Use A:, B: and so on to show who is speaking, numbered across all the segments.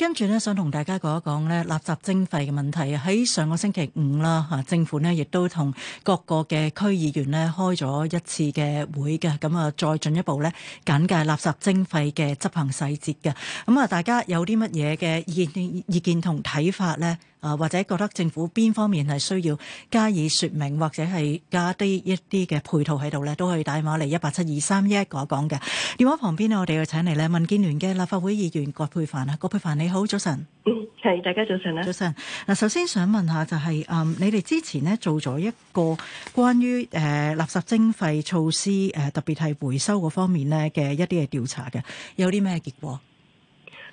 A: 跟住咧，想同大家講一講咧，垃圾徵費嘅問題。喺上個星期五啦，吓政府咧亦都同各個嘅區議員咧開咗一次嘅會嘅，咁啊再進一步咧，簡介垃圾徵費嘅執行細節嘅。咁啊，大家有啲乜嘢嘅意見、意見同睇法咧？啊，或者覺得政府邊方面係需要加以説明，或者係加低一啲嘅配套喺度咧，都可以打電話嚟一八七二三一，講一講嘅電話旁邊咧，我哋要請嚟咧民建聯嘅立法會議員葛珮帆啊，葛珮帆你好，早晨，嗯，係大家早晨啦，早晨嗱，首先想問下就係，嗯，你哋之前咧做咗一個關於誒垃圾徵費措施誒，特別係回收嗰方面咧嘅一啲嘅調查嘅，有啲咩結果？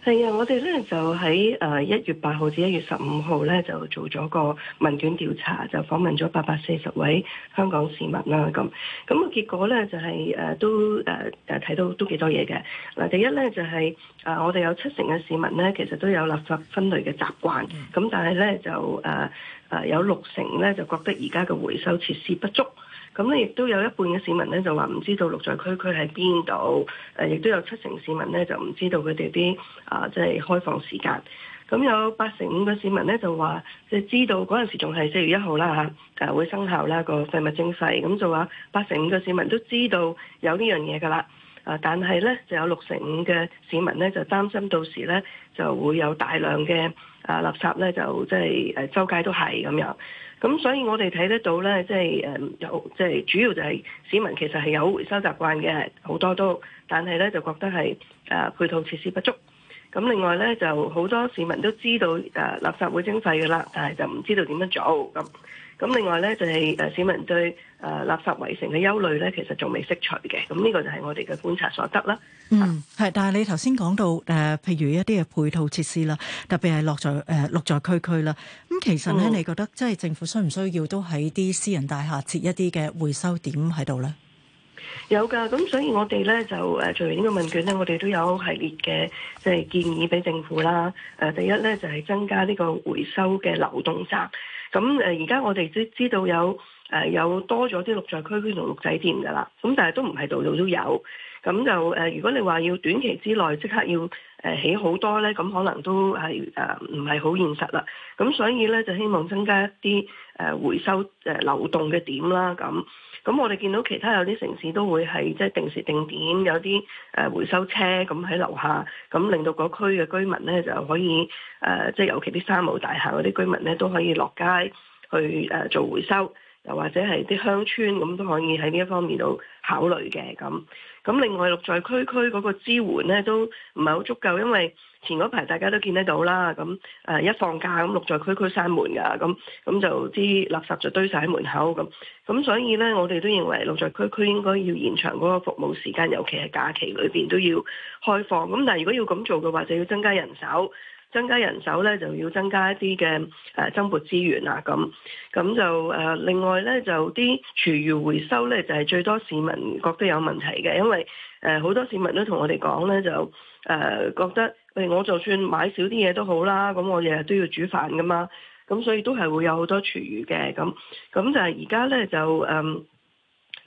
B: 係啊，我哋咧就喺誒一月八號至一月十五號咧就做咗個問卷調查，就訪問咗八百四十位香港市民啦。咁、咁、咁個結果咧就係、係、誒、呃、都誒誒睇到都幾多嘢嘅嗱。第一咧就係、係、誒、呃、我哋有七成嘅市民咧其實都有垃圾分類嘅習慣，咁但係咧就誒誒、呃、有六成咧就覺得而家嘅回收設施不足。咁咧，亦都有一半嘅市民咧就話唔知道綠在區區佢喺邊度，誒，亦都有七成市民咧就唔知道佢哋啲啊，即係開放時間。咁有八成五嘅市民咧就話，即係知道嗰陣時仲係四月一號啦嚇，誒會生效啦個廢物徵費，咁就話八成五嘅市民都知道有呢樣嘢噶啦。啊！但係咧，就有六成五嘅市民咧就擔心，到時咧就會有大量嘅啊垃圾咧，就即係誒周街都係咁樣。咁所以我哋睇得到咧，即係誒有即係主要就係市民其實係有回收習慣嘅，好多都。但係咧就覺得係誒、啊、配套設施不足。咁另外咧就好多市民都知道誒、啊、垃圾會徵費㗎喇，但係就唔知道點樣做咁。咁另外咧就係、是、誒市民對誒垃圾圍城嘅憂慮咧，其實仲未消除嘅。咁、這、呢個就係我哋嘅觀察所得啦。
A: 嗯，係。但係你頭先講到誒、呃，譬如一啲嘅配套設施啦，特別係綠在誒綠、呃、在區區啦。咁其實咧，嗯、你覺得即係政府需唔需要都喺啲私人大廈設一啲嘅回收點喺度咧？
B: 有㗎。咁所以我哋咧就誒，做完呢個問卷咧，我哋都有系列嘅即係建議俾政府啦。誒、呃，第一咧就係、是、增加呢個回收嘅流動站。咁誒，而家、嗯、我哋知知道有誒、呃、有多咗啲綠在區區同綠仔店㗎啦，咁、嗯、但係都唔係度度都有，咁就誒，如果你話要短期之內即刻要，誒起好多咧，咁可能都係誒唔係好現實啦。咁所以咧就希望增加一啲誒、呃、回收誒、呃、流動嘅點啦。咁咁我哋見到其他有啲城市都會係即係定時定點有啲誒回收車咁喺樓下，咁令到嗰區嘅居民咧就可以誒，即、呃、係尤其啲三無大廈嗰啲居民咧都可以落街去誒、呃、做回收。又或者係啲鄉村咁都可以喺呢一方面度考慮嘅咁。咁另外綠在區區嗰個支援呢都唔係好足夠，因為前嗰排大家都見得到啦。咁誒一放假咁綠在區區閂門㗎，咁咁就啲垃圾就堆晒喺門口咁。咁所以呢，我哋都認為綠在區區應該要延長嗰個服務時間，尤其係假期裏邊都要開放。咁但係如果要咁做嘅話，就要增加人手。增加人手咧，就要增加一啲嘅誒增撥資源啊，咁咁就誒、呃、另外咧，就啲廚餘回收咧，就係、是、最多市民覺得有問題嘅，因為誒好、呃、多市民都同我哋講咧，就誒、呃、覺得喂、呃，我就算買少啲嘢都好啦，咁我日日都要煮飯噶嘛，咁所以都係會有好多廚餘嘅，咁咁就係而家咧就誒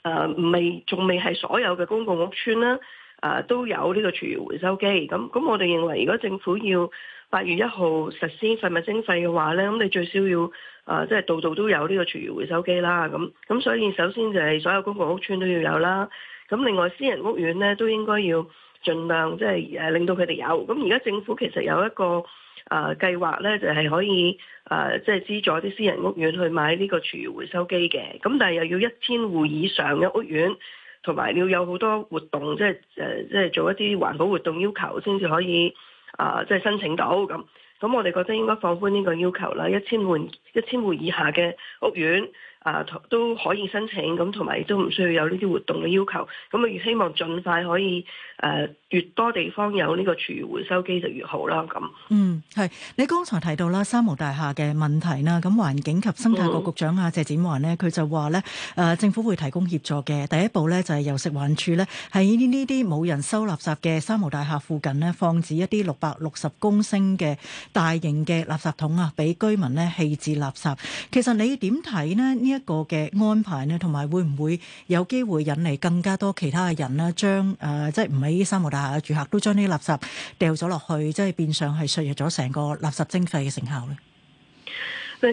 B: 誒未仲未係所有嘅公共屋邨啦。啊，都有呢個廚餘回收機，咁咁我哋認為，如果政府要八月一號實施廢物徵費嘅話呢，咁你最少要啊，即係度度都有呢個廚餘回收機啦，咁咁所以首先就係所有公共屋邨都要有啦，咁另外私人屋苑呢都應該要盡量即係誒令到佢哋有，咁而家政府其實有一個啊、呃、計劃呢，就係、是、可以啊即係資助啲私人屋苑去買呢個廚餘回收機嘅，咁但係又要一千戶以上嘅屋苑。同埋要有好多活動，即係誒，即係做一啲環保活動要求，先至可以啊、呃，即係申請到咁。咁我哋覺得應該放寬呢個要求啦，一千戶、一千戶以下嘅屋苑。啊，都可以申請咁，同埋都唔需要有呢啲活動嘅要求。咁啊，越希望盡快可以誒、啊，越多地方有呢個廚餘回收機就越好啦。咁，嗯，
A: 係你剛才提到啦，三無大廈嘅問題啦，咁環境及生態局局長阿謝展寰呢，佢就話呢，誒、啊、政府會提供協助嘅。第一步呢，就係由食環署呢，喺呢啲冇人收垃圾嘅三無大廈附近呢，放置一啲六百六十公升嘅大型嘅垃圾桶啊，俾居民呢棄置垃圾。其實你點睇呢？一個嘅安排呢，同埋會唔會有機會引嚟更加多其他嘅人呢？將、呃、誒即係唔喺三號大廈嘅住客都將啲垃圾掉咗落去，即係變相係削弱咗成個垃圾徵費嘅成效咧。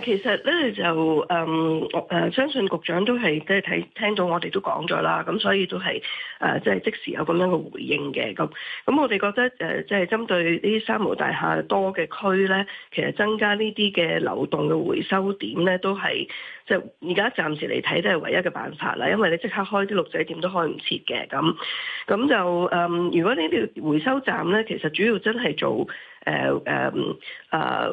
B: 其實咧就誒，我、嗯、誒、啊、相信局長都係即係睇聽到我哋都講咗啦，咁所以都係誒、呃即係、即係即時有咁樣嘅回應嘅。咁咁我哋覺得誒即係針對呢啲三無大廈多嘅區咧，其實增加呢啲嘅流動嘅回收點咧，都係即係而家暫時嚟睇都係唯一嘅辦法啦。因為你即刻開啲綠在點都開唔切嘅。咁咁就誒、嗯，如果呢啲回收站咧，其實主要真係做。誒誒嗯啊，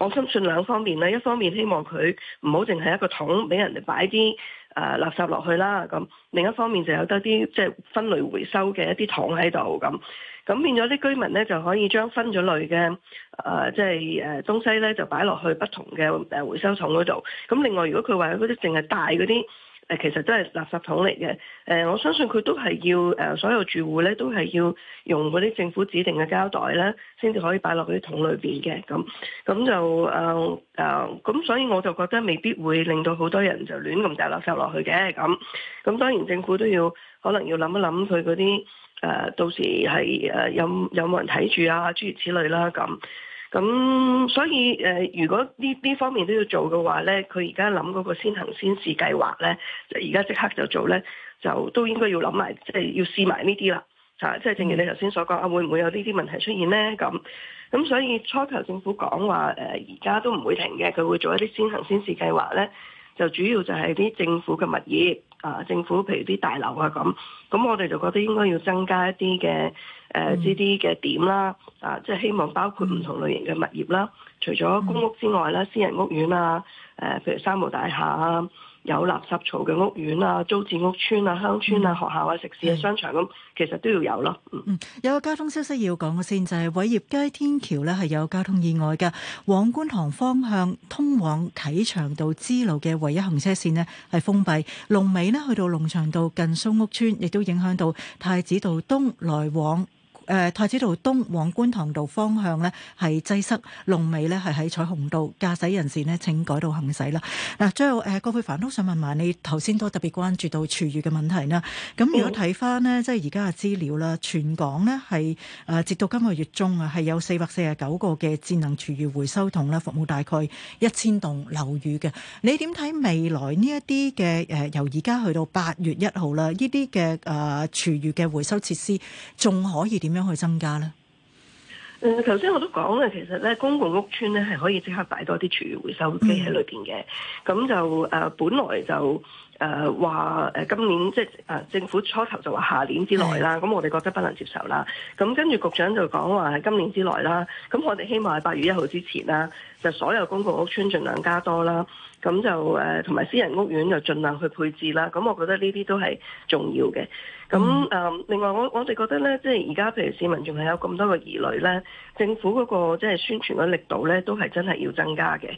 B: 我相信兩方面咧，一方面希望佢唔好淨係一個桶俾人哋擺啲誒垃圾落去啦，咁另一方面就有得啲即係分類回收嘅一啲桶喺度咁。咁變咗啲居民咧就可以將分咗類嘅誒即係誒東西咧就擺落去不同嘅誒回收桶嗰度。咁另外，如果佢話嗰啲淨係大嗰啲。誒其實都係垃圾桶嚟嘅，誒、呃、我相信佢都係要誒、呃、所有住戶咧都係要用嗰啲政府指定嘅膠袋啦，先至可以擺落嗰啲桶裏邊嘅，咁咁就誒誒，咁、呃啊、所以我就覺得未必會令到好多人就亂咁掉垃圾落去嘅，咁咁當然政府都要可能要諗一諗佢嗰啲誒到時係誒、呃、有有冇人睇住啊諸如此類啦、啊、咁。咁所以誒，如果呢呢方面都要做嘅話呢，呢佢而家諗嗰個先行先試計劃呢，就而家即刻就做呢，就都應該要諗埋，即係要試埋呢啲啦，嚇！即係正如你頭先所講啊，會唔會有呢啲問題出現呢？咁咁所以初頭政府講話，誒，而家都唔會停嘅，佢會做一啲先行先試計劃呢。就主要就係啲政府嘅物業啊，政府譬如啲大樓啊咁，咁我哋就覺得應該要增加一啲嘅誒呢啲嘅點啦，啊，即係希望包括唔同類型嘅物業啦，啊，除咗公屋之外啦，啊嗯，私人屋苑啊，誒，譬如三無大廈啊。有垃圾槽嘅屋苑啊、租置屋邨啊、鄉村啊、學校啊、食肆啊、商場咁，啊，其實都要有咯。嗯嗯，
A: 有個交通消息要講先，就係、是、偉業街天橋呢，係有交通意外㗎，往觀塘方向通往啟祥道支路嘅唯一行車線呢，係封閉，龍尾呢，去到龍翔道近蘇屋邨，亦都影響到太子道東來往。誒太子道東往觀塘道方向咧係擠塞，龍尾咧係喺彩虹道，駕駛人士咧請改道行駛啦。嗱，最後誒葛珮帆都想問埋你頭先都特別關注到廚餘嘅問題啦。咁如果睇翻咧，即係而家嘅資料啦，全港咧係誒，直到今個月中啊，係有四百四十九個嘅智能廚餘回收桶啦，服務大概一千棟樓宇嘅。你點睇未來呢一啲嘅誒，由而家去到八月一號啦，呢啲嘅誒廚餘嘅回收設施仲可以點？點樣去增加咧？
B: 誒、嗯，頭先我都講啦，其實咧公共屋邨咧係可以即刻擺多啲廚餘回收機喺裏邊嘅，咁、嗯、就誒、呃、本來就。誒話誒今年即係誒、呃、政府初頭就話下年之內啦，咁的我哋覺得不能接受啦。咁跟住局長就講話係今年之內啦。咁我哋希望喺八月一號之前啦，就所有公共屋邨盡量加多啦。咁就誒同埋私人屋苑就盡量去配置啦。咁我覺得呢啲都係重要嘅。咁誒、呃、另外我我哋覺得咧，即係而家譬如市民仲係有咁多嘅疑慮咧。政府嗰個即係宣傳嘅力度咧，都係真係要增加嘅。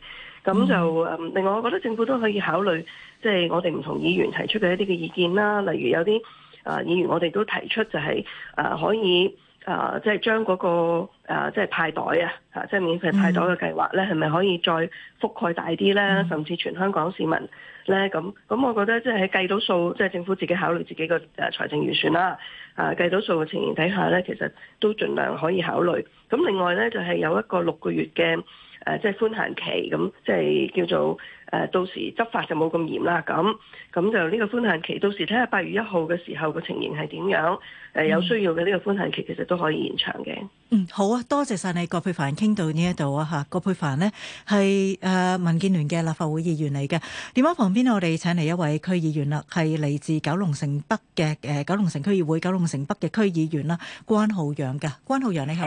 B: 咁就誒，另外我覺得政府都可以考慮，即係我哋唔同議員提出嘅一啲嘅意見啦。例如有啲誒議員，我哋都提出就係誒可以誒，即係將嗰個誒即係派袋啊，嚇即係免費派袋嘅計劃咧，係咪可以再覆蓋大啲咧？嗯、甚至全香港市民。咧咁咁，我覺得即係喺計到數，即係政府自己考慮自己個誒財政預算啦。啊，計到數嘅情形底下咧，其實都盡量可以考慮。咁另外咧，就係有一個六個月嘅。誒即係寬限期，咁即係叫做誒、呃、到時執法就冇咁嚴啦。咁咁就呢個寬限期，到時睇下八月一號嘅時候個情形係點樣。誒、呃、有需要嘅呢個寬限期，其實都可以延長嘅。嗯，
A: 好啊，多謝晒你葛珮帆傾到呢一度啊嚇。葛珮帆、啊、呢係誒、呃、民建聯嘅立法會議員嚟嘅。電話旁邊我哋請嚟一位區議員啦、啊，係嚟自九龍城北嘅誒、呃、九龍城區議會九龍城北嘅區議員啦、啊，關浩洋嘅。關浩洋你好。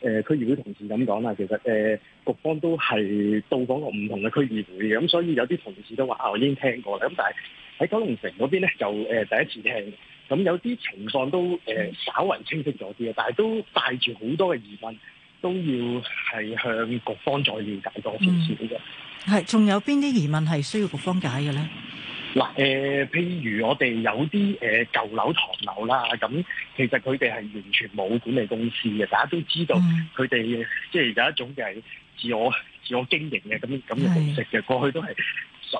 C: 誒、呃、區議會同事咁講啦，其實誒、呃、局方都係到訪過唔同嘅區議會嘅，咁、嗯、所以有啲同事都話：我已經聽過啦。咁、嗯、但係喺九龍城嗰邊咧，就誒、呃、第一次聽。咁、嗯、有啲情況都誒、呃、稍為清晰咗啲啊，但係都帶住好多嘅疑問，都要係向局方再了解多少少嘅。
A: 係、嗯，仲有邊啲疑問係需要局方解嘅咧？
C: 嗱誒、呃呃，譬如我哋有啲誒、呃、舊樓唐樓啦，咁、嗯。嗯其實佢哋係完全冇管理公司嘅，大家都知道佢哋即係有一種就係自我自我經營嘅咁咁嘅模式嘅。的過去都係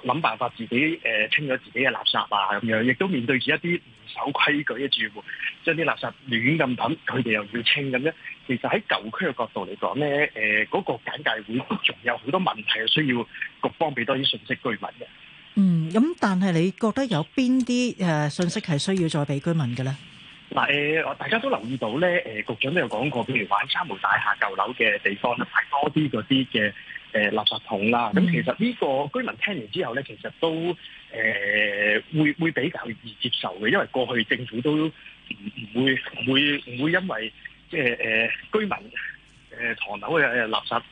C: 諗辦法自己誒、呃、清咗自己嘅垃圾啊，咁樣亦都面對住一啲唔守規矩嘅住戶，將啲垃圾亂咁抌，佢哋又要清咁咧。其實喺舊區嘅角度嚟講咧，誒、呃、嗰、嗰個簡介會仲有好多問題係需要局方俾多啲信息居民嘅。
A: 嗯，咁但係你覺得有邊啲誒信息係需要再俾居民嘅咧？
C: 嗱誒、呃，大家都留意到咧，誒、呃、局長都有講過，譬如玩三無大廈舊樓嘅地方咧，擺多啲嗰啲嘅誒垃圾桶啦。咁、嗯、其實呢個居民聽完之後咧，其實都誒、呃、會會比較易接受嘅，因為過去政府都唔唔會會唔會因為即係誒居民誒唐、呃、樓嘅垃圾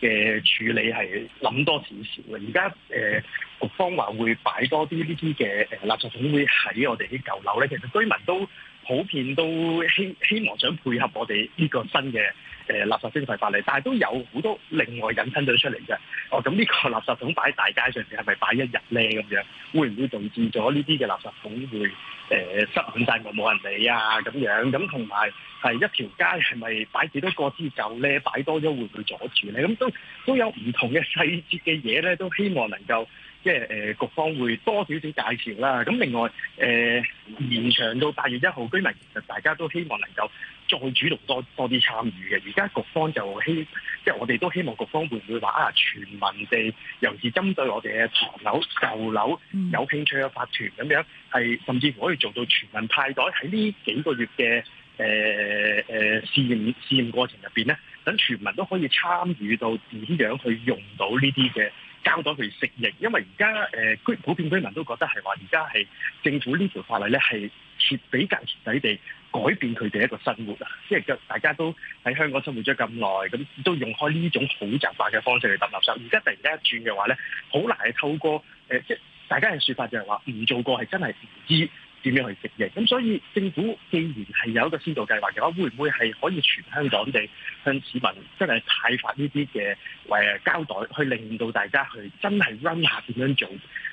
C: 嘅處理係諗多少少嘅。而家誒局方話會擺多啲呢啲嘅誒垃圾桶，會喺我哋啲舊樓咧，其實居民都，普遍都希希望想配合我哋呢個新嘅誒、呃、垃圾徵費法例，但係都有好多另外引申咗出嚟嘅。哦，咁呢個垃圾桶擺喺大街上邊係咪擺一日咧？咁樣會唔會導致咗呢啲嘅垃圾桶會誒塞滿晒，冇、呃、冇人理啊？咁樣咁同埋係一條街係咪擺幾多個至夠咧？擺多咗會唔會阻住咧？咁都都有唔同嘅細節嘅嘢咧，都希望能夠。即係誒、呃、局方會多少少介紹啦。咁另外誒、呃、延長到八月一號，居民其實大家都希望能夠再主動多多啲參與嘅。而家局方就希，即係我哋都希望局方會唔會話啊，全民地尤其是針對我哋嘅唐樓舊樓有興趣嘅法團咁樣，係甚至乎可以做到全民派袋喺呢幾個月嘅誒誒試驗試驗過程入邊咧，等全民都可以參與到點樣去用到呢啲嘅。交代佢適應，因為而家誒，居、呃、普遍居民都覺得係話，而家係政府呢條法例咧，係徹底更徹底地改變佢哋一個生活啊！即係個大家都喺香港生活咗咁耐，咁都用開呢種好習慣嘅方式嚟抌垃圾，而家突然間一轉嘅話咧，好難係透過誒、呃，即係大家嘅説法就係話，唔做過係真係唔知。點樣去適應？咁所以政府既然係有一個先導計劃嘅話，會唔會係可以全香港地向市民真係派發呢啲嘅誒膠袋，去令到大家去真係 run 下點樣做？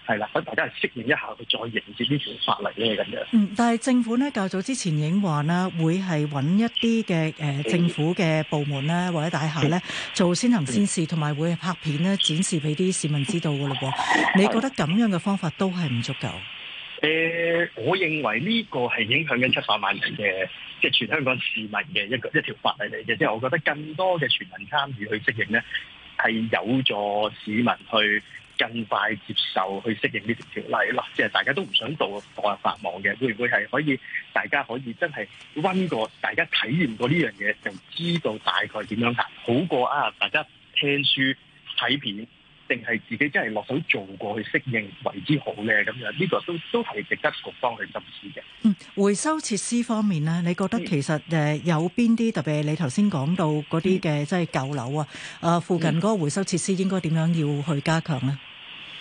C: 係啦，等大家去適應一下，去再迎接呢條法例咧咁樣。嗯，但係
A: 政府呢較早之前已經話啦，會係揾一啲嘅誒政府嘅部門啦，或者大廈咧做先行先試，同埋會拍片咧展示俾啲市民知道嘅嘞噃。你覺得咁樣嘅方法都係唔足夠？
C: 誒、呃，我認為呢個係影響緊七百萬人嘅，即係全香港市民嘅一個一條法例嚟嘅。即係我覺得更多嘅全民參與去適應呢，係有助市民去更快接受去適應呢條法例咯。即係大家都唔想誤墮法網嘅，會唔會係可以大家可以真係温過，大家體驗過呢樣嘢，就知道大概點樣行，好過啊，大家聽書睇片。定係自己真係落手做過去適應為之好咧咁樣，呢個都都係值得局方去深思嘅。
A: 嗯，回收設施方面咧，你覺得其實誒有邊啲特別？你頭先講到嗰啲嘅即係舊樓啊，啊附近嗰個回收設施應該點樣要去加強咧？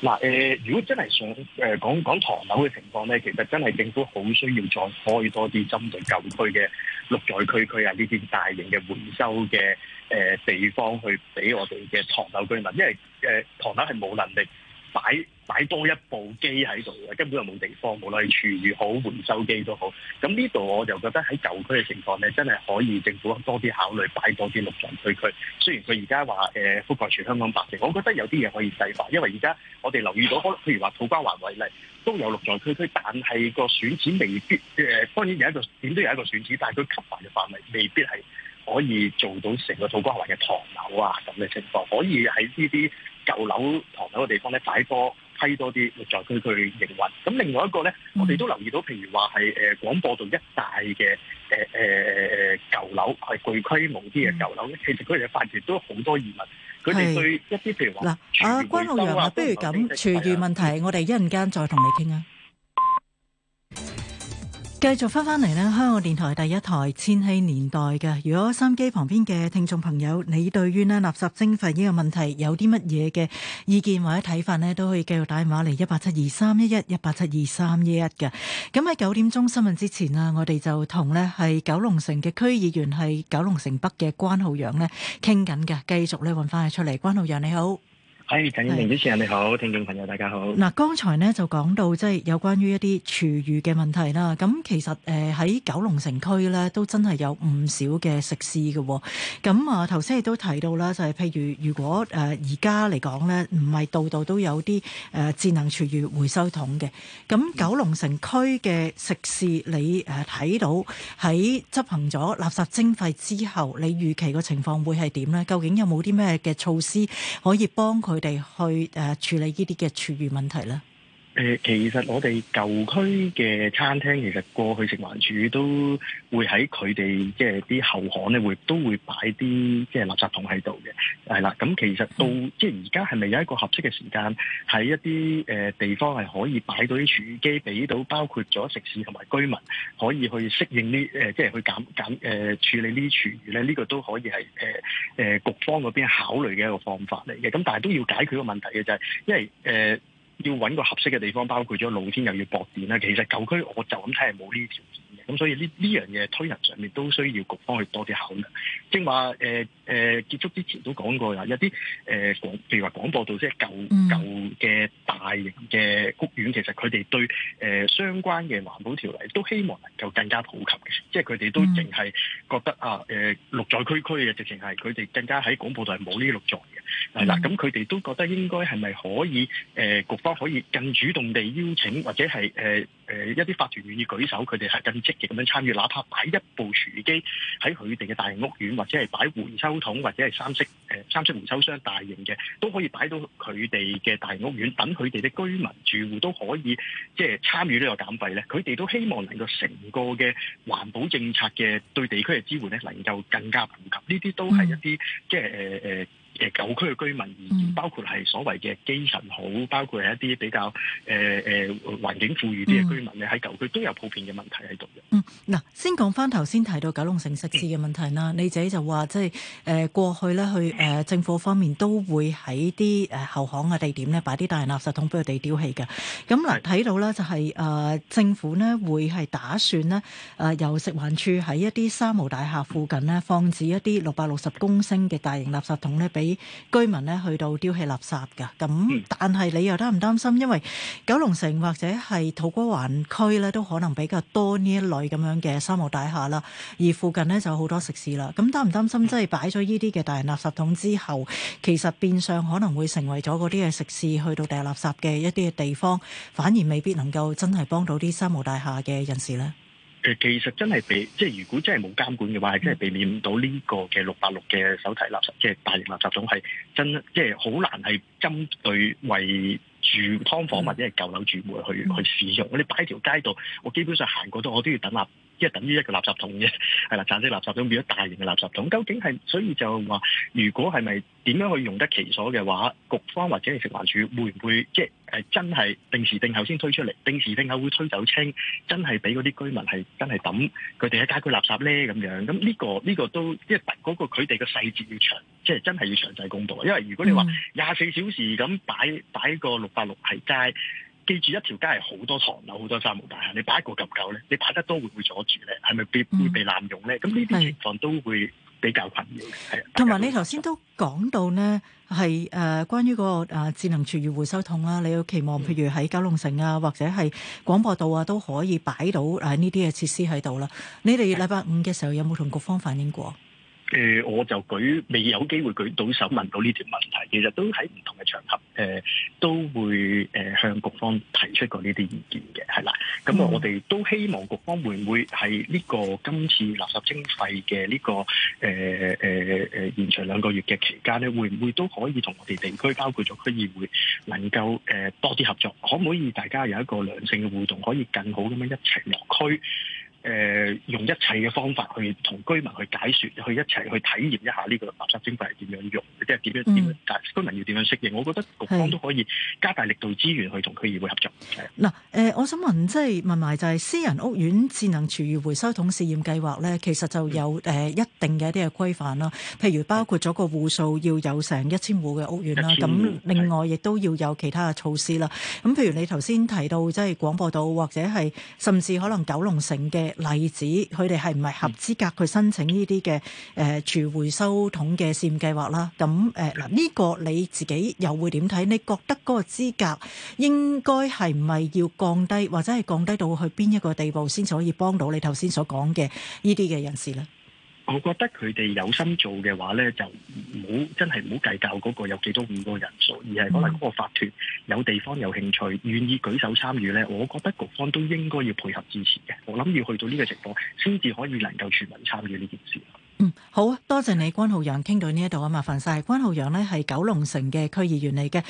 C: 嗱誒，如果真係想誒講講唐樓嘅情況咧，其實真係政府好需要再開多啲針對舊區嘅。六在區區啊！呢啲大型嘅回收嘅誒、呃、地方，去俾我哋嘅唐樓居民，因為誒、呃、唐樓係冇能力。擺擺多一部機喺度嘅，根本就冇地方，無論係廚餘好、回收機都好。咁呢度我就覺得喺舊區嘅情況咧，真係可以政府多啲考慮擺多啲綠在區區。雖然佢而家話誒覆蓋全香港百姓，我覺得有啲嘢可以細化。因為而家我哋留意到，可能譬如話土瓜灣為例，都有綠在區區，但係個選址未必誒、呃，當然有一個點都有一個選址，但係佢吸範嘅範圍未必係可以做到成個土瓜灣嘅唐樓啊咁嘅情況，可以喺呢啲。舊樓、唐樓嘅地方咧，擺多批多啲咪就佢佢營運。咁另外一個咧，嗯、我哋都留意到，譬如話係誒廣播道一帶嘅誒誒誒舊樓係具規模啲嘅舊樓，舊樓，嗯、其實佢哋嘅發現都有好多疑問，佢哋是對一啲譬如話嗱，關浩洋話，不如咁廚餘問
A: 題，嗯、我哋一陣間再同你傾啊。繼續翻翻嚟咧，香港電台第一台千禧年代嘅。如果收音機旁邊嘅聽眾朋友，你對於咧垃圾徵費呢個問題有啲乜嘢嘅意見或者睇法呢，都可以繼續打電話嚟一八七二三一一一八七二三一一嘅。咁喺九點鐘新聞之前啦，我哋就同呢係九龍城嘅區議員係九龍城北嘅關浩洋呢傾緊嘅。繼續呢，揾翻佢出嚟，關浩洋，你好。
C: 喺陳英明是主持人，你好，聽眾朋友，大家好。嗱，
A: 剛才咧就講到即係有關於一啲廚餘嘅問題啦。咁其實誒喺九龍城區咧，都真係有唔少嘅食肆嘅。咁啊，頭先亦都提到啦，就係譬如如果誒而家嚟講咧，唔係度度都有啲誒智能廚餘回收桶嘅。咁九龍城區嘅食肆，你誒睇到喺執行咗垃圾徵費之後，你預期個情況會係點咧？究竟有冇啲咩嘅措施可以幫佢？佢哋去誒、啊、處理呢啲嘅廚餘問題咧。
C: 誒，其實我哋舊區嘅餐廳，其實過去食環署都會喺佢哋即係啲後巷咧，會都會擺啲即係垃圾桶喺度嘅，係啦。咁其實到即係而家係咪有一個合適嘅時間，喺一啲誒、呃、地方係可以擺到啲廚機俾到，包括咗食肆同埋居民可以去適應呢誒、呃，即係去減減誒、呃、處理呢啲廚餘咧。呢、這個都可以係誒誒局方嗰邊考慮嘅一個方法嚟嘅。咁但係都要解決個問題嘅就係、是，因為誒。呃要揾個合適嘅地方，包括咗露天又要駁電啦。其實舊區我就咁睇係冇呢啲條件嘅，咁所以呢呢樣嘢推人上面都需要局方去多啲考慮。正話誒誒結束之前都講過啦，一啲誒廣譬如話廣播道即係、就是、舊舊嘅大型嘅屋苑，其實佢哋對誒、呃、相關嘅環保條例都希望能夠更加普及嘅，即係佢哋都淨係覺得啊誒綠、呃、在區區嘅，直情係佢哋更加喺廣播道係冇呢啲綠在嘅。係啦，咁佢哋都覺得應該係咪可以誒、呃，局方可以更主動地邀請，或者係誒誒一啲法團願意舉手，佢哋係更積極咁樣參與，哪怕擺一部廚機喺佢哋嘅大型屋苑，或者係擺回收桶，或者係三色誒、呃、三色回收箱大型嘅，都可以擺到佢哋嘅大型屋苑，等佢哋嘅居民住戶都可以即係參與呢個減費咧。佢哋都希望能夠成個嘅環保政策嘅對地區嘅支援咧，能夠更加普及。呢啲都係一啲即係誒誒。呃呃呃誒舊區嘅居民，而包括係所謂嘅基層好，包括係一啲比較誒誒、呃、環境富裕啲嘅居民咧，喺舊、嗯、區都有普遍嘅問題喺度嘅。
A: 嗯，嗱，先講翻頭先提到九龍城食肆嘅問題啦。嗯、你自己就話，即係誒過去呢，去誒、呃、政府方面都會喺啲誒後巷嘅地點呢，擺啲大型垃圾桶俾佢哋丟棄嘅。咁嗱，睇、呃、到咧就係、是、誒、呃、政府呢會係打算呢，誒、呃、由食環處喺一啲三無大廈附近呢，放置一啲六百六十公升嘅大型垃圾桶呢。俾。居民咧去到丟棄垃圾噶，咁，但係你又擔唔擔心？因為九龍城或者係土瓜灣區咧，都可能比較多呢一類咁樣嘅三毛大廈啦。而附近呢就好多食肆啦。咁擔唔擔心？嗯、即係擺咗呢啲嘅大型垃圾桶之後，其實變相可能會成為咗嗰啲嘅食肆去到丟垃圾嘅一啲嘅地方，反而未必能夠真係幫到啲三毛大廈嘅人士呢。
C: 其實真係避，即係如果真係冇監管嘅話，係、嗯、真係避免唔到呢個嘅六百六嘅手提垃圾，即係大型垃圾桶係真，即係好難係針對為住劏房或者係舊樓住戶去去使用。我哋擺條街度，我基本上行過都，我都要等垃即係等於一個垃圾桶嘅，係啦，暫時垃圾桶變咗大型嘅垃圾桶。究竟係所以就話，如果係咪點樣去用得其所嘅話，局方或者係食環署會唔會即係誒真係定時定候先推出嚟？定時定候會推走清，真係俾嗰啲居民係真係抌佢哋喺街區垃圾咧咁樣。咁呢個呢個都即係嗰個佢哋嘅細節要詳，即係真係要詳細公佈。因為如果你話廿四小時咁擺擺個六百六喺街。記住一條街係好多唐樓、好多商務大廈，你擺一個夠唔夠咧？你擺得多會唔會阻住咧？係咪必會被濫用咧？咁呢啲情況都會比較困擾。係、嗯，
A: 同埋你頭先都講到呢，係誒關於個誒智能廚餘回收桶啊，你要期望譬如喺九龍城啊，或者係廣播道啊，都可以擺到誒呢啲嘅設施喺度啦。你哋禮拜五嘅時候有冇同局方反映過？
C: 誒、呃，我就舉未有機會舉到手問到呢條問題，其實都喺唔同嘅場合，誒、呃、都會誒、呃、向局方提出過呢啲意見嘅，係啦。咁啊，我哋都希望局方會唔會喺呢個今次垃圾徵費嘅呢個誒誒誒延長兩個月嘅期間咧，會唔會都可以同我哋地區包括咗區議會能夠誒、呃、多啲合作，可唔可以大家有一個良性嘅互動，可以更好咁樣一齊落區？誒、呃、用一切嘅方法去同居民去解說，去一齊去體驗一下呢個垃圾徵費係點樣用，即係點樣點樣，嗯、但居民要點樣適應，我覺得局方是都可以加大力度資源去同區
A: 議會合作。嗱，誒、呃，我想問，即、就、係、是、問埋就係、是、私人屋苑智能廚餘回收桶試驗計劃咧，其實就有誒、嗯呃、一定嘅一啲嘅規範啦，譬如包括咗個戶數要有成一千戶嘅屋苑啦，咁另外亦是都要有其他嘅措施啦。咁譬如你頭先提到即係廣播道或者係甚至可能九龍城嘅。例子，佢哋係唔係合資格去申請呢啲嘅誒廚回收桶嘅試驗計劃啦？咁誒嗱，呢、呃呢個你自己又會點睇？你覺得嗰個資格應該係唔係要降低，或者係降低到去邊一個地步先可以幫到你頭先所講嘅呢啲嘅人士呢？
C: 我覺得佢哋有心做嘅話呢，就唔好真係唔好計較嗰個有幾多五個人數，而係可能嗰個法團有地方有興趣願意舉手參與呢，我覺得各方都應該要配合支持嘅。我諗要去到呢個情況，先至可以能夠全民參與呢件事。嗯，
A: 好啊，多謝你，關浩洋，傾到呢一度啊，麻煩晒。關浩洋呢係九龍城嘅區議員嚟嘅。